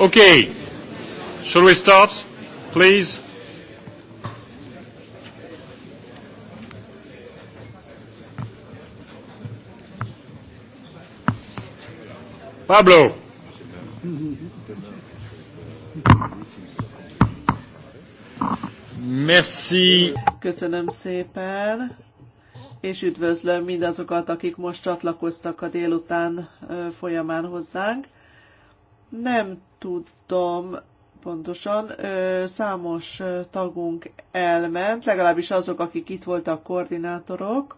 Okay. Shall we start, please? Pablo. Merci. Köszönöm szépen, és üdvözlöm mindazokat, akik most csatlakoztak a délután folyamán hozzánk. Nem tudom pontosan, számos tagunk elment, legalábbis azok, akik itt voltak koordinátorok.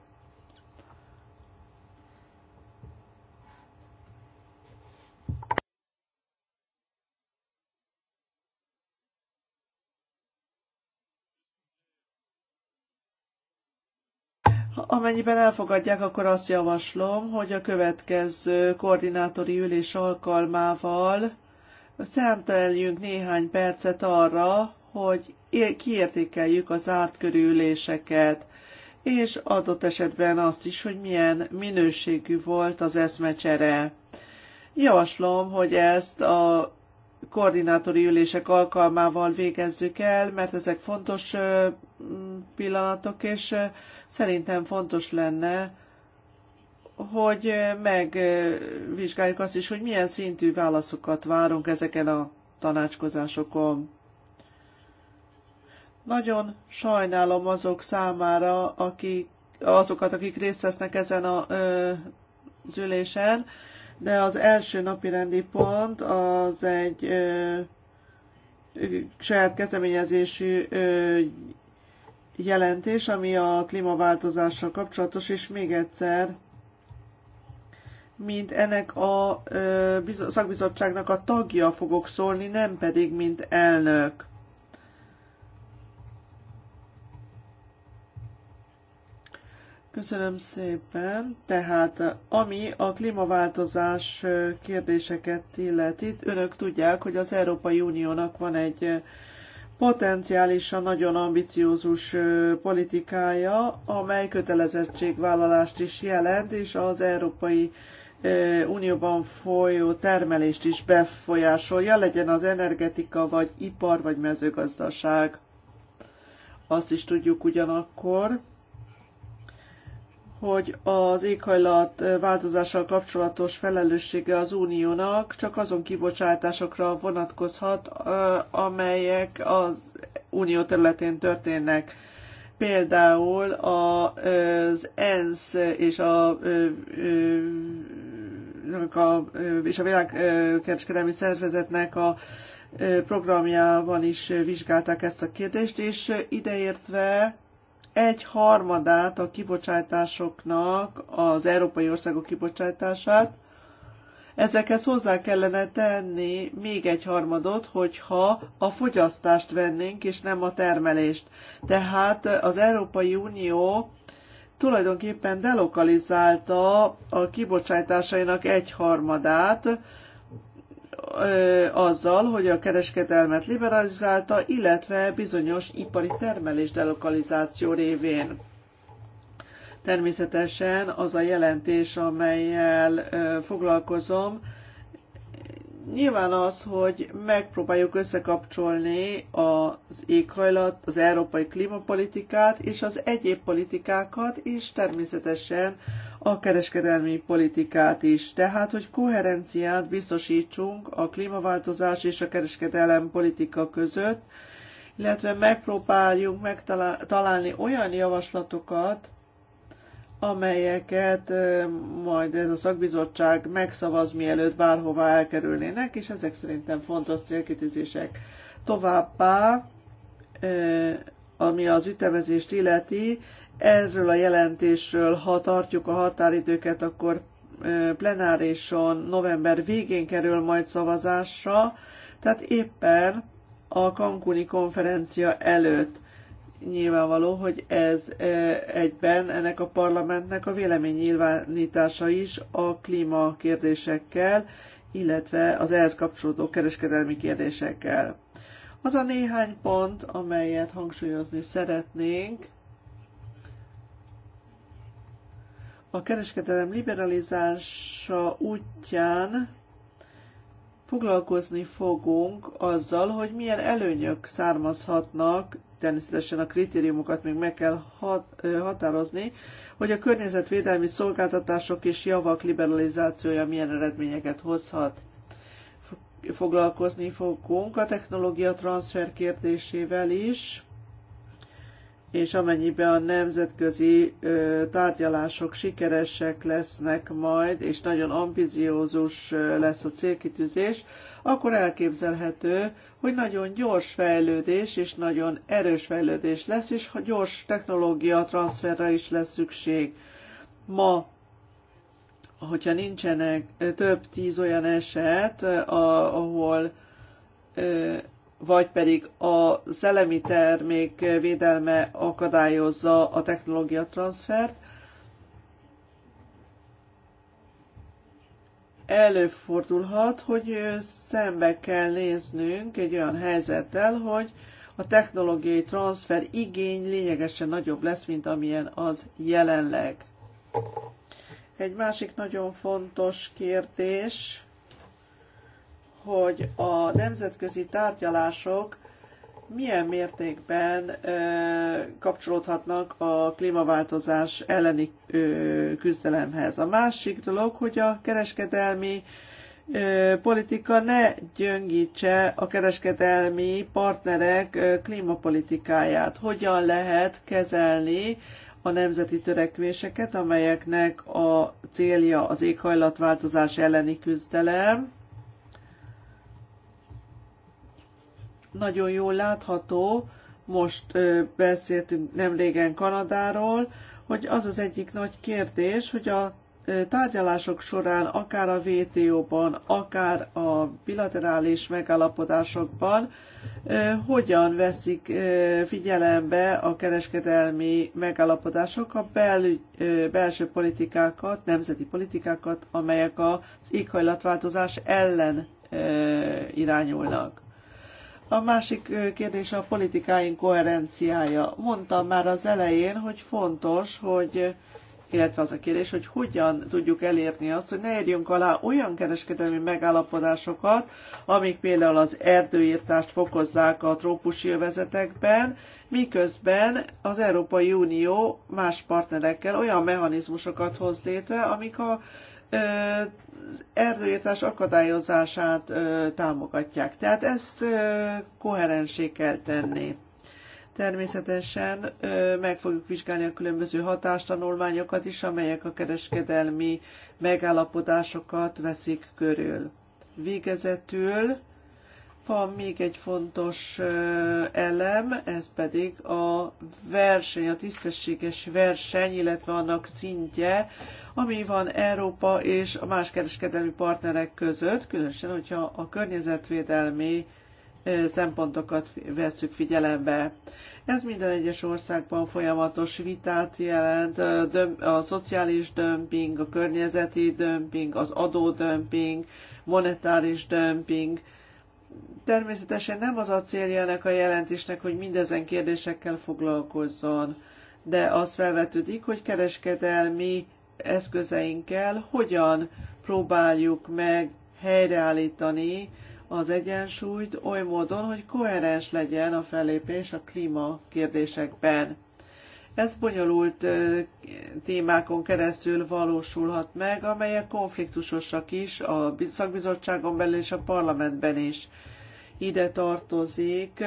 Amennyiben elfogadják, akkor azt javaslom, hogy a következő koordinátori ülés alkalmával Szenteljünk néhány percet arra, hogy kiértékeljük az zárt körüléseket, és adott esetben azt is, hogy milyen minőségű volt az eszmecsere. Javaslom, hogy ezt a koordinátori ülések alkalmával végezzük el, mert ezek fontos pillanatok, és szerintem fontos lenne, hogy megvizsgáljuk azt is, hogy milyen szintű válaszokat várunk ezeken a tanácskozásokon. Nagyon sajnálom azok számára, akik, azokat, akik részt vesznek ezen a, az ülésen, de az első napi rendi pont az egy ö, saját kezdeményezésű ö, jelentés, ami a klímaváltozással kapcsolatos, és még egyszer mint ennek a szakbizottságnak a tagja fogok szólni, nem pedig mint elnök. Köszönöm szépen. Tehát ami a klímaváltozás kérdéseket illeti, önök tudják, hogy az Európai Uniónak van egy potenciálisan nagyon ambiciózus politikája, amely kötelezettségvállalást is jelent, és az európai Unióban folyó termelést is befolyásolja, legyen az energetika, vagy ipar, vagy mezőgazdaság. Azt is tudjuk ugyanakkor, hogy az éghajlat változással kapcsolatos felelőssége az uniónak csak azon kibocsátásokra vonatkozhat, amelyek az unió területén történnek például az ENSZ és a, a, és a világkereskedelmi szervezetnek a programjában is vizsgálták ezt a kérdést, és ideértve egy harmadát a kibocsátásoknak, az európai országok kibocsátását, Ezekhez hozzá kellene tenni még egy harmadot, hogyha a fogyasztást vennénk, és nem a termelést. Tehát az Európai Unió tulajdonképpen delokalizálta a kibocsátásainak egyharmadát, azzal, hogy a kereskedelmet liberalizálta, illetve bizonyos ipari termelés delokalizáció révén. Természetesen az a jelentés, amelyel foglalkozom, nyilván az, hogy megpróbáljuk összekapcsolni az éghajlat, az európai klímapolitikát és az egyéb politikákat, és természetesen a kereskedelmi politikát is. Tehát, hogy koherenciát biztosítsunk a klímaváltozás és a kereskedelem politika között, illetve megpróbáljunk megtalálni olyan javaslatokat, amelyeket majd ez a szakbizottság megszavaz, mielőtt bárhova elkerülnének, és ezek szerintem fontos célkitűzések. Továbbá, ami az ütemezést illeti, erről a jelentésről, ha tartjuk a határidőket, akkor plenárison november végén kerül majd szavazásra, tehát éppen a Cancuni konferencia előtt nyilvánvaló, hogy ez egyben ennek a parlamentnek a vélemény nyilvánítása is a klíma kérdésekkel, illetve az ehhez kapcsolódó kereskedelmi kérdésekkel. Az a néhány pont, amelyet hangsúlyozni szeretnénk, a kereskedelem liberalizása útján foglalkozni fogunk azzal, hogy milyen előnyök származhatnak természetesen a kritériumokat még meg kell határozni, hogy a környezetvédelmi szolgáltatások és javak liberalizációja milyen eredményeket hozhat. Foglalkozni fogunk a technológia transfer kérdésével is, és amennyiben a nemzetközi tárgyalások sikeresek lesznek majd, és nagyon ambiciózus lesz a célkitűzés, akkor elképzelhető, hogy nagyon gyors fejlődés és nagyon erős fejlődés lesz, és gyors technológia transferra is lesz szükség. Ma hogyha nincsenek több tíz olyan eset, ahol vagy pedig a szellemi termék védelme akadályozza a technológia transfert. Előfordulhat, hogy szembe kell néznünk egy olyan helyzettel, hogy a technológiai transfer igény lényegesen nagyobb lesz, mint amilyen az jelenleg. Egy másik nagyon fontos kérdés, hogy a nemzetközi tárgyalások milyen mértékben ö, kapcsolódhatnak a klímaváltozás elleni ö, küzdelemhez. A másik dolog, hogy a kereskedelmi ö, politika ne gyöngítse a kereskedelmi partnerek ö, klímapolitikáját. Hogyan lehet kezelni a nemzeti törekvéseket, amelyeknek a célja az éghajlatváltozás elleni küzdelem, nagyon jól látható, most beszéltünk nem Kanadáról, hogy az az egyik nagy kérdés, hogy a tárgyalások során, akár a WTO-ban, akár a bilaterális megállapodásokban hogyan veszik figyelembe a kereskedelmi megállapodások a bel, belső politikákat, nemzeti politikákat, amelyek az éghajlatváltozás ellen irányulnak. A másik kérdés a politikáink koherenciája. Mondtam már az elején, hogy fontos, hogy illetve az a kérdés, hogy hogyan tudjuk elérni azt, hogy ne érjünk alá olyan kereskedelmi megállapodásokat, amik például az erdőírtást fokozzák a trópusi övezetekben, miközben az Európai Unió más partnerekkel olyan mechanizmusokat hoz létre, amik a erdőírtás akadályozását támogatják. Tehát ezt koherensé kell tenni. Természetesen meg fogjuk vizsgálni a különböző hatástanulmányokat is, amelyek a kereskedelmi megállapodásokat veszik körül. Végezetül Van még egy fontos elem, ez pedig a verseny, a tisztességes verseny, illetve annak szintje, ami van Európa és a más kereskedelmi partnerek között, különösen, hogyha a környezetvédelmi szempontokat veszük figyelembe. Ez minden egyes országban folyamatos vitát jelent, a szociális dömping, a környezeti dömping, az adódömping, monetáris dömping, Természetesen nem az a célja ennek a jelentésnek, hogy mindezen kérdésekkel foglalkozzon, de az felvetődik, hogy kereskedelmi eszközeinkkel hogyan próbáljuk meg helyreállítani az egyensúlyt oly módon, hogy koherens legyen a fellépés a klíma kérdésekben. Ez bonyolult témákon keresztül valósulhat meg, amelyek konfliktusosak is a szakbizottságon belül és a parlamentben is. Ide tartozik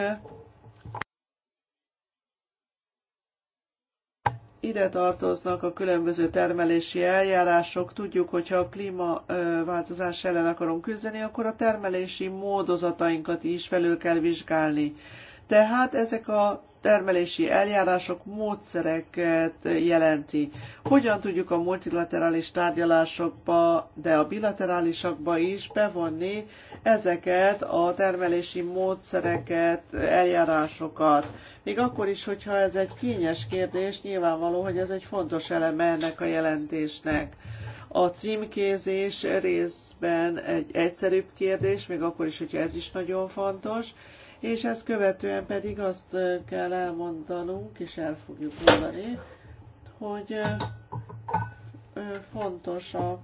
ide tartoznak a különböző termelési eljárások. Tudjuk, hogy ha a klímaváltozás ellen akarunk küzdeni, akkor a termelési módozatainkat is felül kell vizsgálni. Tehát ezek a termelési eljárások, módszereket jelenti. Hogyan tudjuk a multilaterális tárgyalásokba, de a bilaterálisakba is bevonni ezeket a termelési módszereket, eljárásokat. Még akkor is, hogyha ez egy kényes kérdés, nyilvánvaló, hogy ez egy fontos eleme ennek a jelentésnek. A címkézés részben egy egyszerűbb kérdés, még akkor is, hogyha ez is nagyon fontos, és ezt követően pedig azt kell elmondanunk, és el fogjuk mondani, hogy fontos a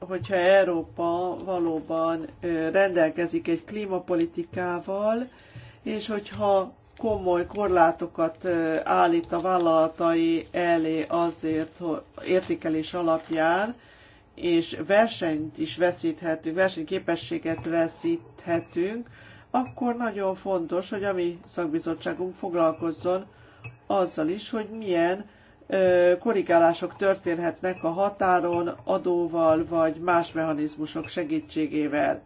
hogyha Európa valóban rendelkezik egy klímapolitikával, és hogyha komoly korlátokat állít a vállalatai elé azért hogy értékelés alapján, és versenyt is veszíthetünk, versenyképességet veszíthetünk, akkor nagyon fontos, hogy a mi szakbizottságunk foglalkozzon azzal is, hogy milyen korrigálások történhetnek a határon, adóval vagy más mechanizmusok segítségével.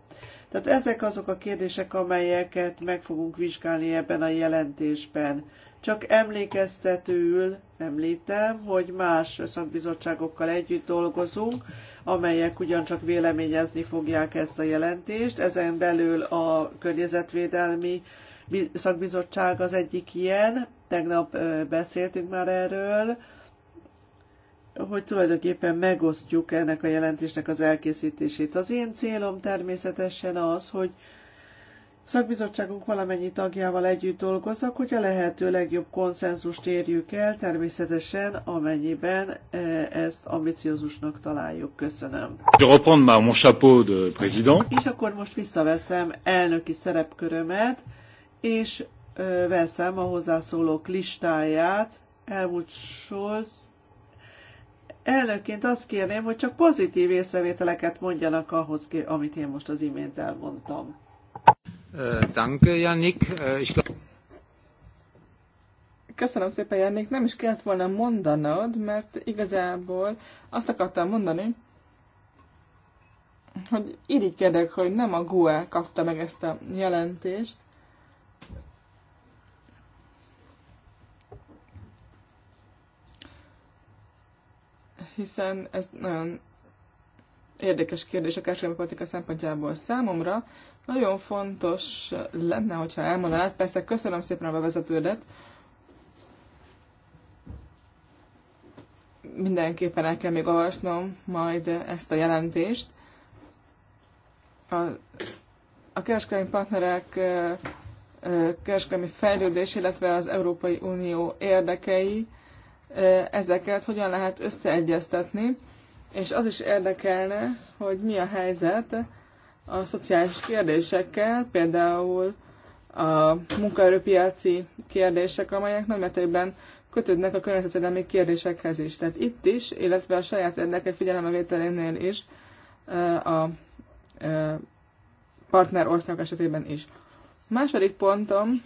Tehát ezek azok a kérdések, amelyeket meg fogunk vizsgálni ebben a jelentésben. Csak emlékeztetőül említem, hogy más szakbizottságokkal együtt dolgozunk, amelyek ugyancsak véleményezni fogják ezt a jelentést. Ezen belül a Környezetvédelmi Szakbizottság az egyik ilyen, tegnap beszéltünk már erről, hogy tulajdonképpen megosztjuk ennek a jelentésnek az elkészítését. Az én célom természetesen az, hogy szakbizottságunk valamennyi tagjával együtt dolgozzak, hogy a lehető legjobb konszenzust érjük el, természetesen amennyiben ezt ambiciózusnak találjuk. Köszönöm. Je ma mon chapeau de président. És akkor most visszaveszem elnöki szerepkörömet, és veszem a hozzászólók listáját. Elmúlt Scholz. Elnökként azt kérném, hogy csak pozitív észrevételeket mondjanak ahhoz, amit én most az imént elmondtam. Danke, Janik. Köszönöm szépen, Janik. Nem is kellett volna mondanod, mert igazából azt akartam mondani, hogy irigykedek, hogy nem a GUE kapta meg ezt a jelentést, hiszen ez nagyon érdekes kérdés a kereskedelmi politika szempontjából számomra. Nagyon fontos lenne, hogyha elmondanád. Persze köszönöm szépen a bevezetődet. Mindenképpen el kell még olvasnom majd ezt a jelentést. A, a kereskedelmi partnerek kereskedelmi fejlődés, illetve az Európai Unió érdekei, ezeket hogyan lehet összeegyeztetni, és az is érdekelne, hogy mi a helyzet a szociális kérdésekkel, például a munkaerőpiaci kérdések, amelyek nagy mértékben kötődnek a környezetvédelmi kérdésekhez is. Tehát itt is, illetve a saját érdekek figyelemevételénél is, a partner ország esetében is. második pontom,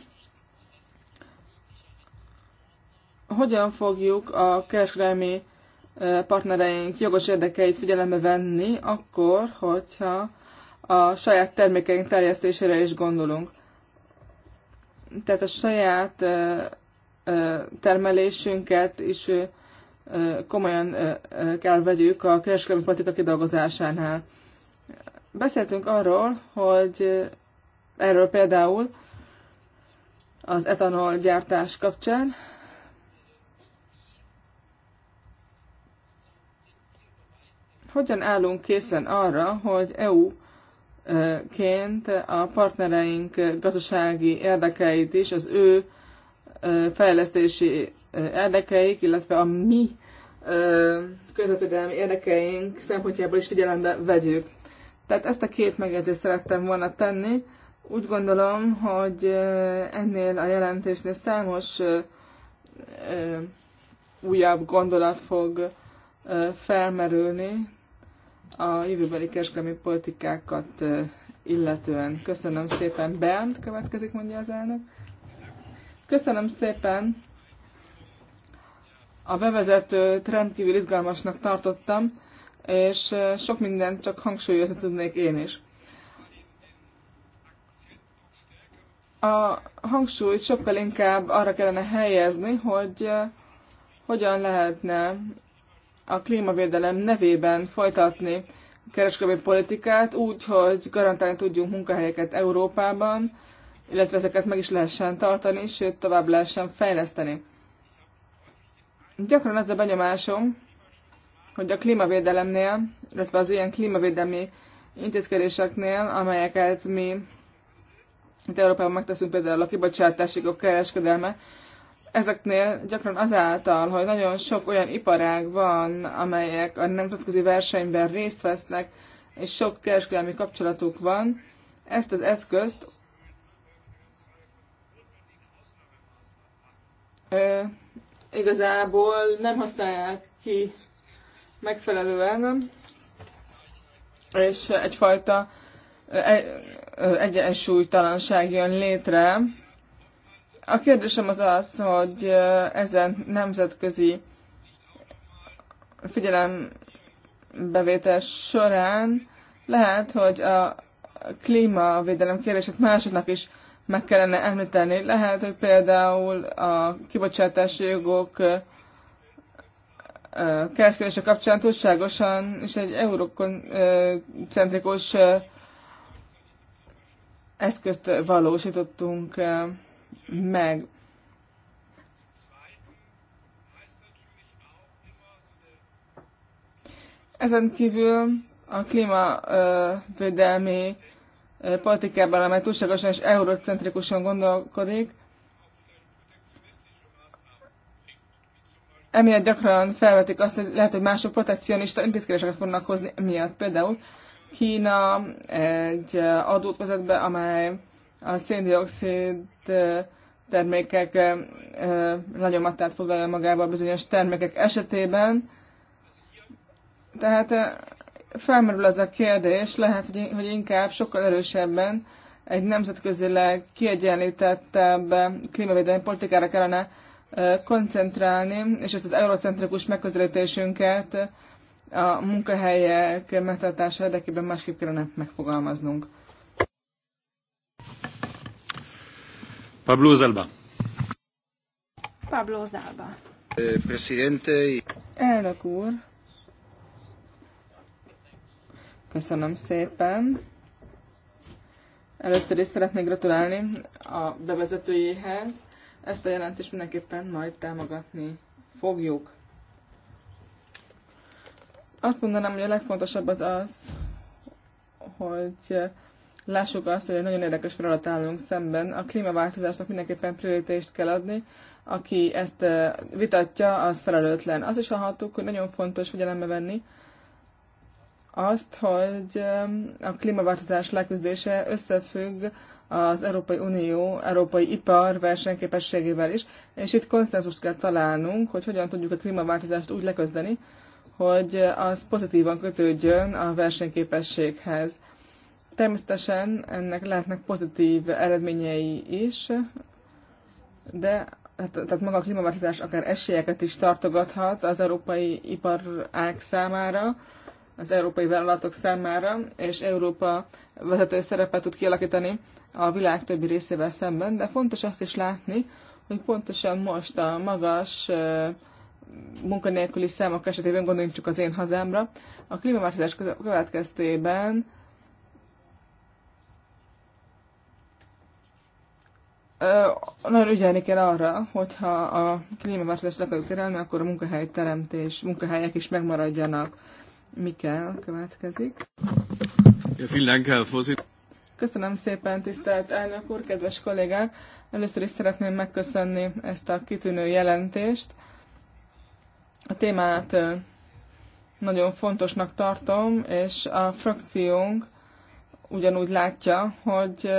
hogyan fogjuk a kereskedelmi partnereink jogos érdekeit figyelembe venni, akkor, hogyha a saját termékeink terjesztésére is gondolunk. Tehát a saját termelésünket is komolyan kell vegyük a kereskedelmi politika kidolgozásánál. Beszéltünk arról, hogy erről például az etanol gyártás kapcsán, hogyan állunk készen arra, hogy EU ként a partnereink gazdasági érdekeit is, az ő fejlesztési érdekeik, illetve a mi közvetvédelmi érdekeink szempontjából is figyelembe vegyük. Tehát ezt a két megjegyzést szerettem volna tenni. Úgy gondolom, hogy ennél a jelentésnél számos újabb gondolat fog felmerülni, a jövőbeli kereskedelmi politikákat illetően. Köszönöm szépen. Bernd következik, mondja az elnök. Köszönöm szépen. A bevezetőt rendkívül izgalmasnak tartottam, és sok mindent csak hangsúlyozni tudnék én is. A hangsúlyt sokkal inkább arra kellene helyezni, hogy hogyan lehetne a klímavédelem nevében folytatni a kereskedelmi politikát úgy, hogy garantálni tudjunk munkahelyeket Európában, illetve ezeket meg is lehessen tartani, sőt tovább lehessen fejleszteni. Gyakran az a benyomásom, hogy a klímavédelemnél, illetve az ilyen klímavédelmi intézkedéseknél, amelyeket mi itt Európában megteszünk, például a kibocsátásigok kereskedelme, ezeknél gyakran azáltal, hogy nagyon sok olyan iparág van, amelyek a nemzetközi versenyben részt vesznek, és sok kereskedelmi kapcsolatuk van, ezt az eszközt ö, igazából nem használják ki megfelelően, és egyfajta egyensúlytalanság jön létre, A kérdésem az az, hogy ezen nemzetközi figyelembevétel során lehet, hogy a klímavédelem kérdését másoknak is meg kellene említeni. Lehet, hogy például a kibocsátási jogok kereskedése kapcsán túlságosan és egy eurokoncentrikus eszközt valósítottunk meg. Ezen kívül a klímavédelmi politikában, amely túlságosan és eurocentrikusan gondolkodik, emiatt gyakran felvetik azt, hogy lehet, hogy mások protekcionista intézkedéseket fognak hozni miatt. Például Kína egy adót vezet be, amely a széndiokszid termékek lenyomatát foglalja magába a bizonyos termékek esetében. Tehát felmerül az a kérdés, lehet, hogy inkább sokkal erősebben egy nemzetközileg kiegyenlítettebb klímavédelmi politikára kellene koncentrálni, és ezt az eurocentrikus megközelítésünket a munkahelyek megtartása érdekében másképp kellene megfogalmaznunk. Pablo Zalba. Pablo Zalba. Presidente. Elnök úr. Köszönöm szépen. Először is szeretnék gratulálni a bevezetőjéhez. Ezt a jelentést mindenképpen majd támogatni fogjuk. Azt mondanám, hogy a legfontosabb az az, hogy lássuk azt, hogy egy nagyon érdekes feladat állunk szemben. A klímaváltozásnak mindenképpen prioritást kell adni, aki ezt vitatja, az felelőtlen. Azt is hallhattuk, hogy nagyon fontos figyelembe venni azt, hogy a klímaváltozás leküzdése összefügg az Európai Unió, Európai Ipar versenyképességével is, és itt konszenzust kell találnunk, hogy hogyan tudjuk a klímaváltozást úgy leközdeni, hogy az pozitívan kötődjön a versenyképességhez. Természetesen ennek lehetnek pozitív eredményei is, de tehát maga a klímaváltozás akár esélyeket is tartogathat az európai iparág számára, az európai vállalatok számára, és Európa vezető szerepet tud kialakítani a világ többi részével szemben, de fontos azt is látni, hogy pontosan most a magas munkanélküli számok esetében, gondoljunk csak az én hazámra, a klímaváltozás következtében nagyon ügyelni kell arra, hogyha a klímaváltozást akarjuk terelni, akkor a munkahely teremtés, munkahelyek is megmaradjanak. Mikkel következik. Köszönöm szépen, tisztelt elnök úr, kedves kollégák! Először is szeretném megköszönni ezt a kitűnő jelentést. A témát nagyon fontosnak tartom, és a frakciónk ugyanúgy látja, hogy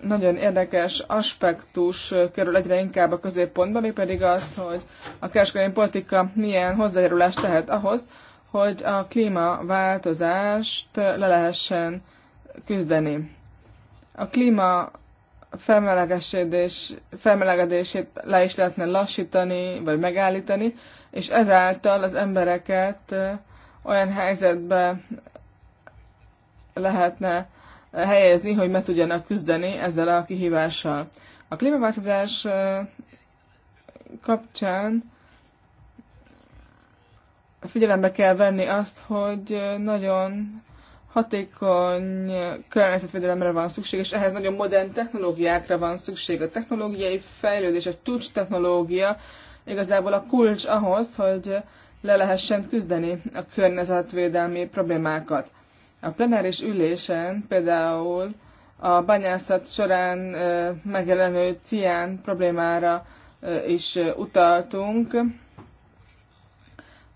nagyon érdekes aspektus kerül egyre inkább a középpontba, mi pedig az, hogy a kereskedelmi politika milyen hozzájárulást tehet ahhoz, hogy a klímaváltozást le lehessen küzdeni. A klíma felmelegedését le is lehetne lassítani, vagy megállítani, és ezáltal az embereket olyan helyzetbe lehetne helyezni, hogy meg tudjanak küzdeni ezzel a kihívással. A klímaváltozás kapcsán figyelembe kell venni azt, hogy nagyon hatékony környezetvédelemre van szükség, és ehhez nagyon modern technológiákra van szükség. A technológiai fejlődés, a csúcs technológia igazából a kulcs ahhoz, hogy le lehessen küzdeni a környezetvédelmi problémákat. A plenáris ülésen például a bányászat során megjelenő cián problémára is utaltunk,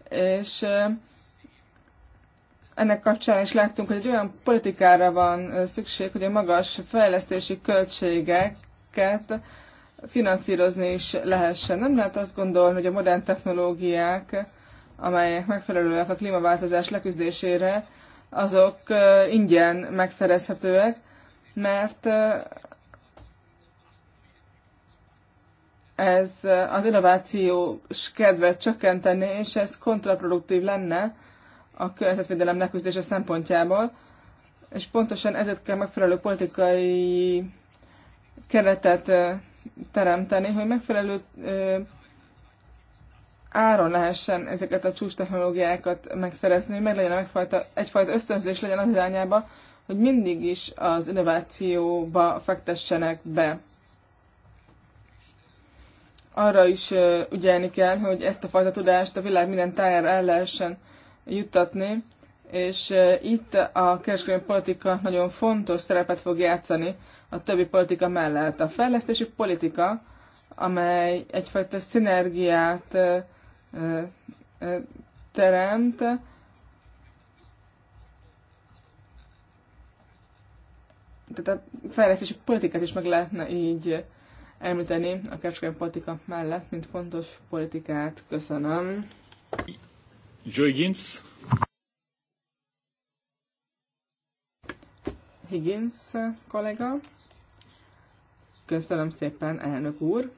és ennek kapcsán is láttunk, hogy egy olyan politikára van szükség, hogy a magas fejlesztési költségeket finanszírozni is lehessen. Nem lehet azt gondolni, hogy a modern technológiák, amelyek megfelelőek a klímaváltozás leküzdésére, azok ingyen megszerezhetőek, mert ez az innovációs kedvet csökkenteni, és ez kontraproduktív lenne a környezetvédelem leküzdése szempontjából, és pontosan ezért kell megfelelő politikai keretet teremteni, hogy megfelelő áron lehessen ezeket a csúcs technológiákat megszerezni, hogy meg legyen egyfajta, egyfajta ösztönzés legyen az irányába, hogy mindig is az innovációba fektessenek be. Arra is ügyelni kell, hogy ezt a fajta tudást a világ minden tájára el lehessen juttatni, és itt a kereskedelmi politika nagyon fontos szerepet fog játszani a többi politika mellett. A fejlesztési politika, amely egyfajta szinergiát teremt. Tehát a fejlesztési politikát is meg lehetne így említeni a kereskedelmi politika mellett, mint fontos politikát. Köszönöm. Higgins. Higgins kollega. Köszönöm szépen, elnök úr.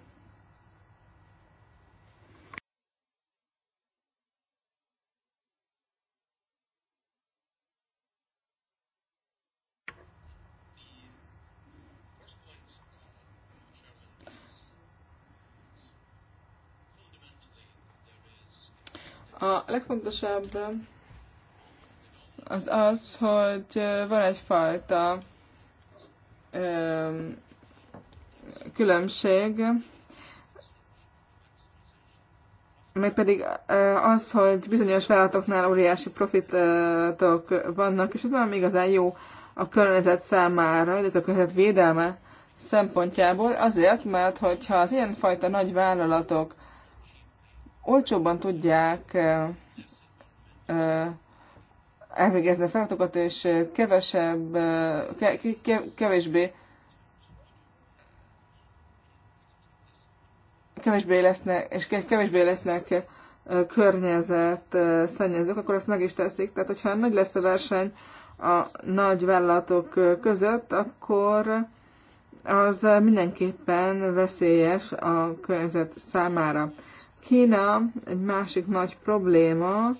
A legfontosabb az az, hogy van egyfajta különbség, meg pedig az, hogy bizonyos vállalatoknál óriási profitok vannak, és ez nem igazán jó a környezet számára, illetve a környezet védelme szempontjából, azért, mert hogyha az ilyenfajta nagy vállalatok olcsóbban tudják elvégezni a feladatokat, és kevesebb, kevésbé kevésbé lesznek, és kevésbé lesznek környezet szennyezők, akkor ezt meg is teszik. Tehát, hogyha nagy lesz a verseny a nagy vállalatok között, akkor az mindenképpen veszélyes a környezet számára. Kína egy másik nagy probléma,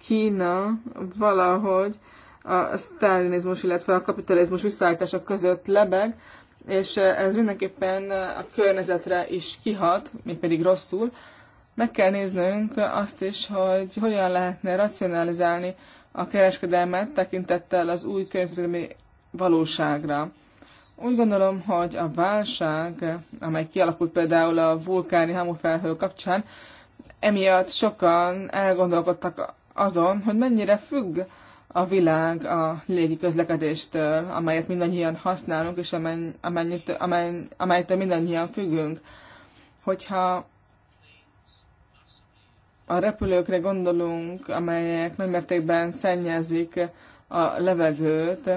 Kína valahogy a sztálinizmus, illetve a kapitalizmus visszaállítása között lebeg, és ez mindenképpen a környezetre is kihat, mégpedig rosszul. Meg kell néznünk azt is, hogy hogyan lehetne racionalizálni a kereskedelmet tekintettel az új környezetemi valóságra. Úgy gondolom, hogy a válság, amely kialakult például a vulkáni hamufelhő kapcsán, emiatt sokan elgondolkodtak azon, hogy mennyire függ a világ a légi közlekedéstől, amelyet mindannyian használunk, és amennyit, amennyit, amely, amelytől mindannyian függünk. Hogyha a repülőkre gondolunk, amelyek nagymértékben szennyezik a levegőt,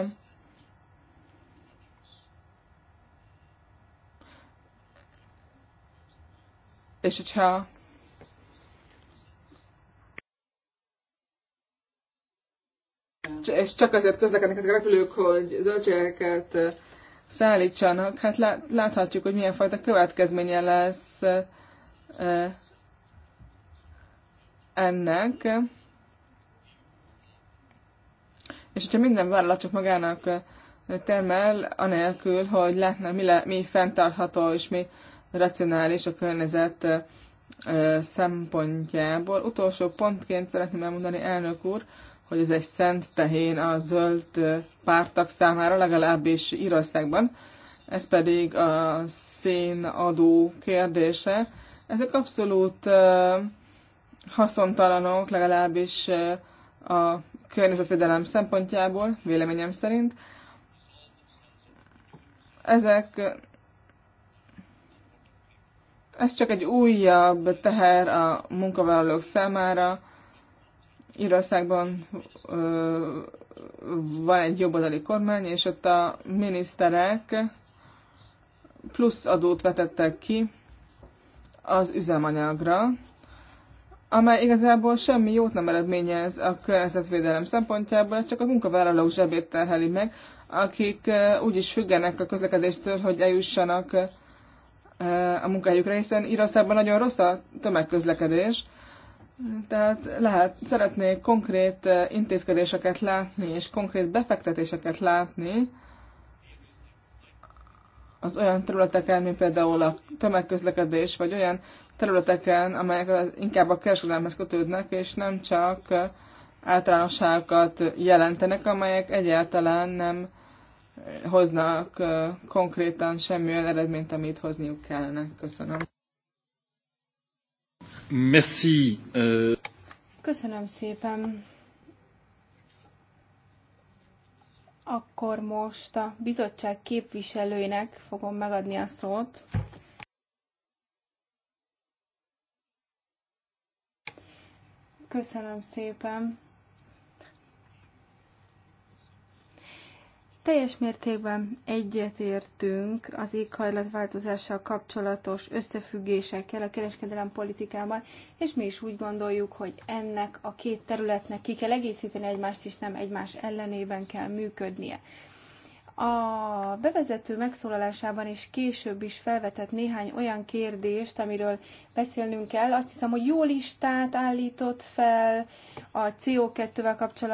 és hogyha és csak azért közlekednek ezek a repülők, hogy zöldségeket szállítsanak, hát láthatjuk, hogy milyen fajta következménye lesz ennek. És hogyha minden vállalat csak magának termel, anélkül, hogy látna, mi, le, mi fenntartható és mi racionális a környezet szempontjából. Utolsó pontként szeretném elmondani, elnök úr, hogy ez egy szent tehén a zöld pártak számára, legalábbis Írországban. Ez pedig a szénadó kérdése. Ezek abszolút haszontalanok, legalábbis a környezetvédelem szempontjából, véleményem szerint. Ezek ez csak egy újabb teher a munkavállalók számára. Írországban van egy jobboldali kormány, és ott a miniszterek plusz adót vetettek ki az üzemanyagra, amely igazából semmi jót nem eredményez a környezetvédelem szempontjából, csak a munkavállalók zsebét terheli meg, akik úgy is függenek a közlekedéstől, hogy eljussanak a munkájukra, hiszen Írországban nagyon rossz a tömegközlekedés, tehát lehet, szeretnék konkrét intézkedéseket látni, és konkrét befektetéseket látni az olyan területeken, mint például a tömegközlekedés, vagy olyan területeken, amelyek inkább a kereskedelemhez kötődnek, és nem csak általánosságokat jelentenek, amelyek egyáltalán nem hoznak konkrétan semmilyen eredményt, amit hozniuk kellene. Köszönöm. Merci. Köszönöm szépen. Akkor most a bizottság képviselőinek fogom megadni a szót. Köszönöm szépen. Teljes mértékben egyetértünk az éghajlatváltozással kapcsolatos összefüggésekkel a kereskedelem politikában, és mi is úgy gondoljuk, hogy ennek a két területnek ki kell egészíteni egymást, és nem egymás ellenében kell működnie. A bevezető megszólalásában és később is felvetett néhány olyan kérdést, amiről beszélnünk kell. Azt hiszem, hogy jó listát állított fel a CO2-vel kapcsolatban,